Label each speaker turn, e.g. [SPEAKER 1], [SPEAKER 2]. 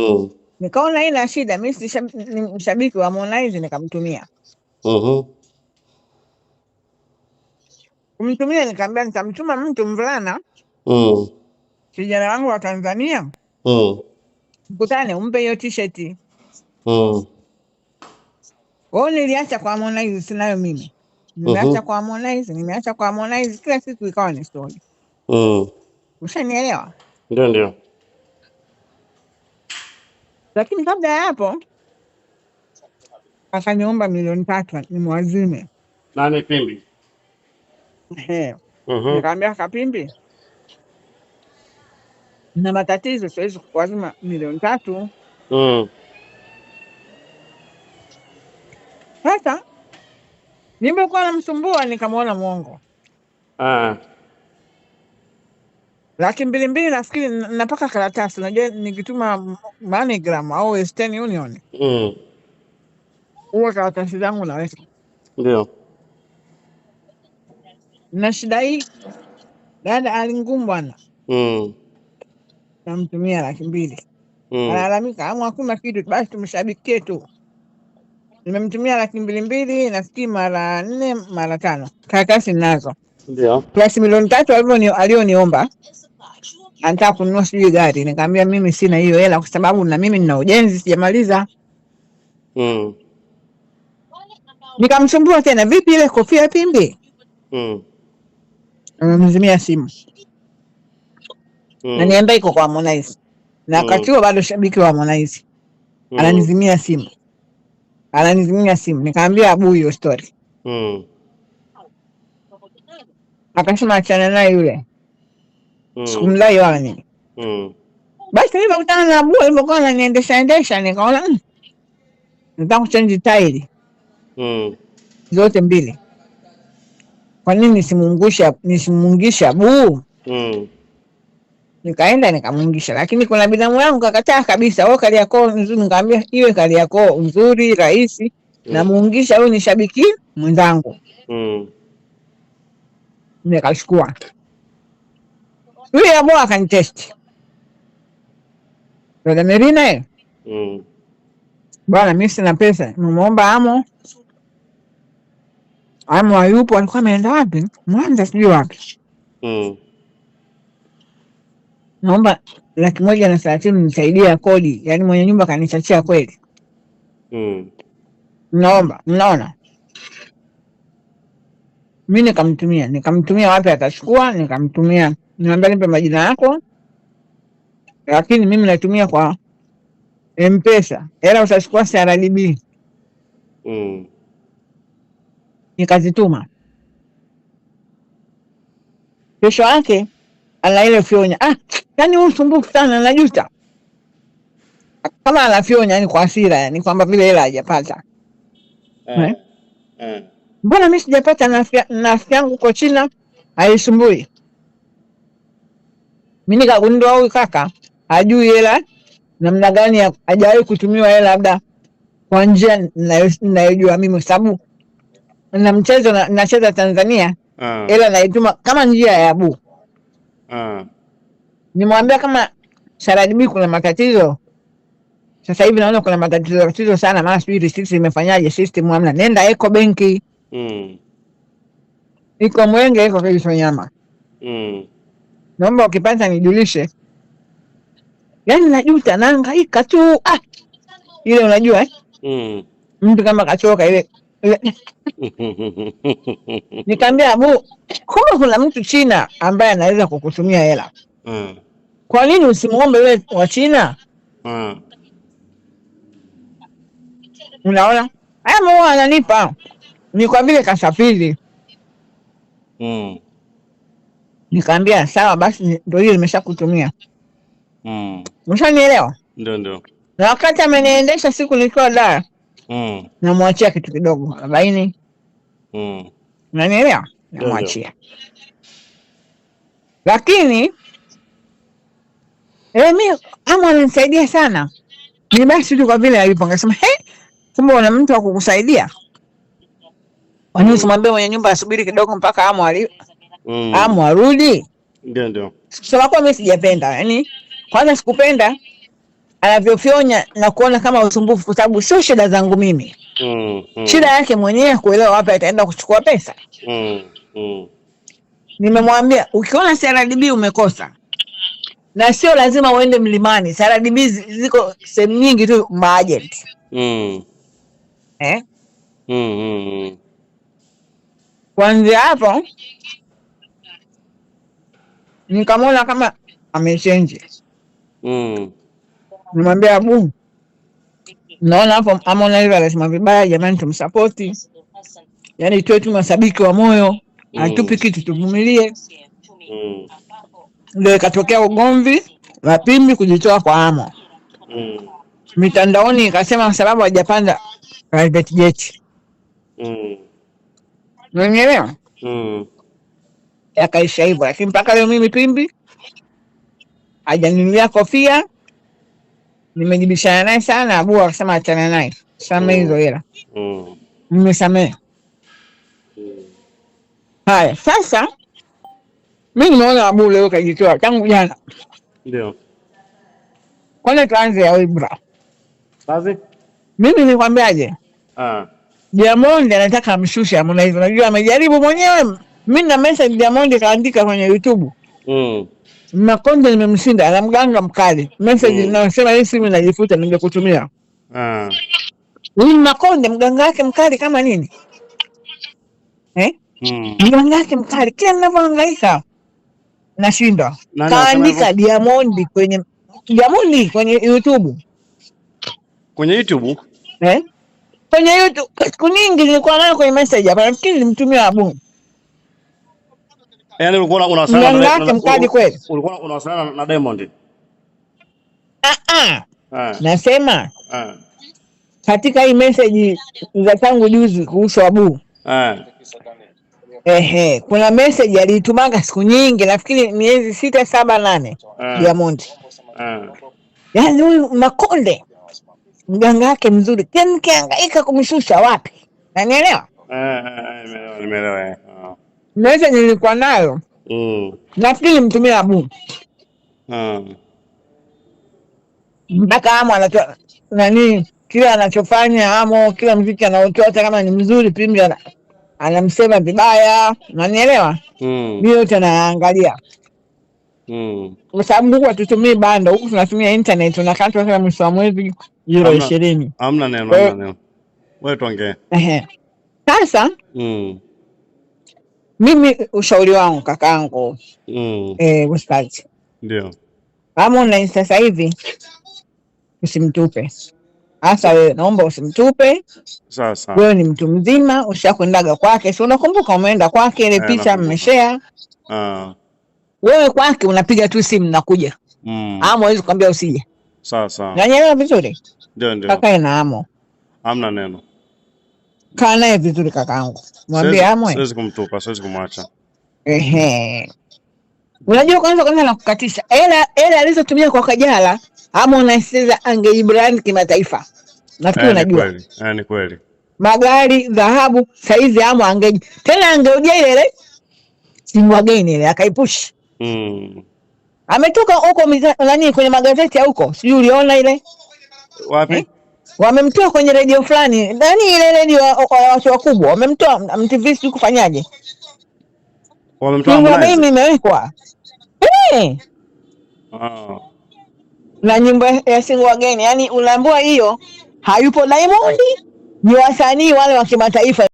[SPEAKER 1] Mm-hmm. Nikaona ina shida, mi si mshabiki wa monaizi nikamtumia mm-hmm. kumtumia Nikaambia nitamtuma mtu mvulana mm. kijana wangu wa Tanzania mm. mkutane, umpe hiyo tisheti mm. Kwao niliacha kwa monaizi sinayo mimi nimeacha mm kwa monaizi nimeacha kwa monaizi kila siku ikawa ni story Ushanielewa? Ndio, ndio. Lakini kabla ya hapo akaniomba milioni tatu nimwazime
[SPEAKER 2] nane Pimbi.
[SPEAKER 1] Mhm. Nikamwambia Kapimbi, na matatizo, siwezi kukuwazima milioni tatu. Mm. Sasa nimekuwa namsumbua, nikamwona mwongo ah laki mbili mbili nafikiri napaka karatasi, unajua nikituma manigram au Western Union mm. huwa karatasi zangu naweka ndio. Na shida hii dada ngumu bwana mm. namtumia laki mbili mm. analalamika amu hakuna kitu, basi tumeshabikie tu. Nimemtumia laki mbili mbili nafikiri mara nne mara tano, karatasi nazo ndio, plus milioni tatu alioniomba anataka kununua sijui gari, nikamwambia mimi sina hiyo hela, kwa sababu na mimi nina ujenzi sijamaliza. mm. Nikamsumbua tena, vipi ile kofia pimbi? mm. Nimemzimia simu mm. naniambia iko kwa Harmonize na mm. wakati huo bado shabiki wa Harmonize mm. ananizimia simu ananizimia simu, nikamwambia abu hiyo story mm. Akasema achana naye yule sikumdai mm. wala nini. Mm. Basi nilipokutana na Abu alivyokuwa ananiendesha endesha, nikaona hmm, nataka kuchenji tairi mm. zote mbili, kwa nini nisimuungusha nisimuungisha Abu? Nikaenda nikamuungisha, lakini kuna binamu yangu kakataa kabisa. kali yako nzuri, nikamwambia iwe yako nzuri rahisi namuungisha, huyu ni shabiki mwenzangu, nikachukua yule Aboa akanitesti Dada Merine, mm. Bwana mimi sina pesa, nimeomba amo amo hayupo, alikuwa ameenda wapi Mwanza sijui wapi mm. Naomba laki moja na thelathini nisaidia kodi, yaani mwenye nyumba kanichachia kweli mm. Naomba mnaona, mi nikamtumia nikamtumia wapi atachukua, nikamtumia naomba nipe majina yako, lakini mimi natumia kwa Mpesa, hela utachukua CRDB. Mm. Nikazituma kesho yake ana ile fyonya. Ah, yani huyu msumbufu sana, najuta kama anafyonya, yani kwa hasira, yani kwamba vile hela hajapata. Eh. Eh? Eh. Mbona mimi sijapata? na afya yangu uko China haisumbui mimi nikagundua huyu kaka ajui hela namna gani, hajawahi kutumiwa hela labda kwa njia ninayojua mimi, sababu na mchezo nacheza na Tanzania ah. hela uh, naituma kama njia ya abu uh, ah. nimwambia kama saradibi kuna matatizo sasa hivi naona kuna matatizo tatizo sana, maana sijui risiti zimefanyaje system, hamna nenda eko benki mm. iko mwenge iko kejisonyama mm naomba ukipata nijulishe. Yani najuta naangaika tu ah! ile unajua eh? mm. mtu kama kachoka ile nikaambia bu, kumbe kuna mtu China ambaye anaweza kukutumia hela mm. kwa nini usimwombe yule wa China mm. Unaona aya, maua ananipa ni kwa vile kasafiri mm nikaambia sawa basi, ndio hiyo nimeshakutumia. Mm. Mshanielewa? Ndio ndio. Na wakati ameniendesha siku nikiwa da Mm. Namwachia kitu kidogo arobaini. Mm. Unanielewa? Namwachia. Lakini eh, mimi ama ananisaidia sana. Ni basi tu kwa vile alipo ngasema, "He, kumbe una mtu wa kukusaidia." Kwa mm. mwenye nyumba asubiri kidogo mpaka amo alipo? mm. Amu arudi ndio ndio. Kusema kwa mimi sijapenda, yani kwanza sikupenda anavyofyonya na kuona kama usumbufu, kwa sababu sio shida zangu mimi mm, mm. Shida yake mwenyewe kuelewa wapi ataenda kuchukua pesa mm, mm. Nimemwambia ukiona CRDB umekosa, na sio lazima uende mlimani. CRDB ziko sehemu nyingi tu maagent mm. eh?
[SPEAKER 2] mm, mm, mm.
[SPEAKER 1] Kwanzia hapo nikamwona kama amechange mm. Nimwambia bu, naona hapo amona hivyo, anasema vibaya. Jamani, tumsapoti, yaani tuwe tu masabiki wa moyo mm. Atupi kitu tuvumilie mm. ikatokea ugomvi wa Pimbi kujitoa kwa Amo mm. Mitandaoni ikasema sababu hajapanda private jet mm. Unanielewa? mm yakaisha hivyo, lakini mpaka leo mimi Pimbi hajanunulia kofia. Nimejibishana naye sana, Abu akasema achana naye, samee mm. hizo hela, mmesamee. Mm. Mm. Haya, sasa mi nimeona Abu leo kajitoa tangu jana, ndio kwanza tuanze ya Ibra. mimi nikwambiaje? Ah, Diamond anataka amshushe Harmonize, unajua amejaribu mwenyewe mi na message Diamond kaandika kwenye YouTube mm. Makonde nimemshinda na mganga mkali message mm. Nasema hii simu najifuta, ningekutumia ah. Ni Makonde mganga wake mkali kama nini eh?
[SPEAKER 2] mm. Mganga
[SPEAKER 1] wake mkali kila ninavyohangaika nashindwa. na, Kaandika na, Diamond kwenye Diamond kwenye YouTube
[SPEAKER 2] kwenye YouTube
[SPEAKER 1] eh? Kwenye YouTube siku nyingi nilikuwa nayo kwenye message hapa, nafikiri nilimtumia Abu
[SPEAKER 2] Yaani ulikuwa unawasiliana
[SPEAKER 1] na yake mkali kweli?
[SPEAKER 2] Ulikuwa unawasiliana na Diamond?
[SPEAKER 1] Ah ah. Nasema ah. Katika hii message za tangu juzi kuhusu Abu. Ah. Ehe, kuna message aliitumanga siku nyingi, nafikiri miezi sita saba nane ah. Diamond. Ah. Yaani huyu Makonde mganga wake mzuri, kiangaika kumshusha wapi? Nanielewa?
[SPEAKER 2] Ah, ah, ah, nimeelewa. Eh
[SPEAKER 1] meza nilikuwa nayo mm. nafikiri mtumia Abu mm. mpaka Amo anatoa nani, kila anachofanya Amo, kila mziki anaotota kama ni mzuri, Pimbi anamsema vibaya, unanielewa? mm. mi yote anayaangalia Mm. Kwa sababu huku hatutumii bando, huku tunatumia internet, unakata kila mwisho wa mwezi euro ishirini.
[SPEAKER 2] Hamna neno, neno. Eh. Wewe tuongee.
[SPEAKER 1] Ehe. Sasa mm. Mimi ushauri wangu kakaangu, mm. eh, Westphalia ndio kama online sasa hivi usimtupe hasa wewe, naomba usimtupe sasa. Wewe ni mtu mzima, ushakwendaga kwake, si unakumbuka? Umeenda kwake, ile eh, picha mmeshare. Ah. Wewe kwake unapiga tu simu nakuja, mm. ama wezi kukwambia usije. Sasa nanyelewa vizuri, kakae na amo, amna neno, kaa naye vizuri kakaangu mwambie Amwe, unajua kwanza kwanza nakukatisha hela hela alizotumia kwa Kajala, ama anacheza angejibrand kimataifa. Nafikiri eh, unajua eh, ni kweli, magari, dhahabu, saizi ama angeji tena, angeuja ile ile simwageni ile akaipush
[SPEAKER 2] mm.
[SPEAKER 1] ametoka huko nani kwenye magazeti ya huko, sijui uliona ile wapi eh? wamemtoa kwenye redio fulani, nani ile redio ya watu wakubwa, wamemtoa MTV, sijui kufanyaje,
[SPEAKER 2] wamemtoa mimi
[SPEAKER 1] imewekwa hey! Eh! Ah. na nyimbo ya singo wageni, yani unaambua hiyo hayupo Diamond, ni wasanii wale wa kimataifa.